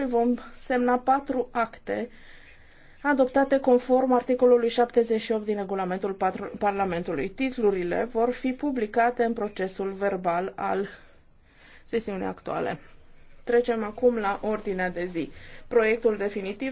anului vom semna patru acte adoptate conform articolului 78 din regulamentul Parlamentului. Titlurile vor fi publicate în procesul verbal al sesiunii actuale. Trecem acum la ordinea de zi. Proiectul definitiv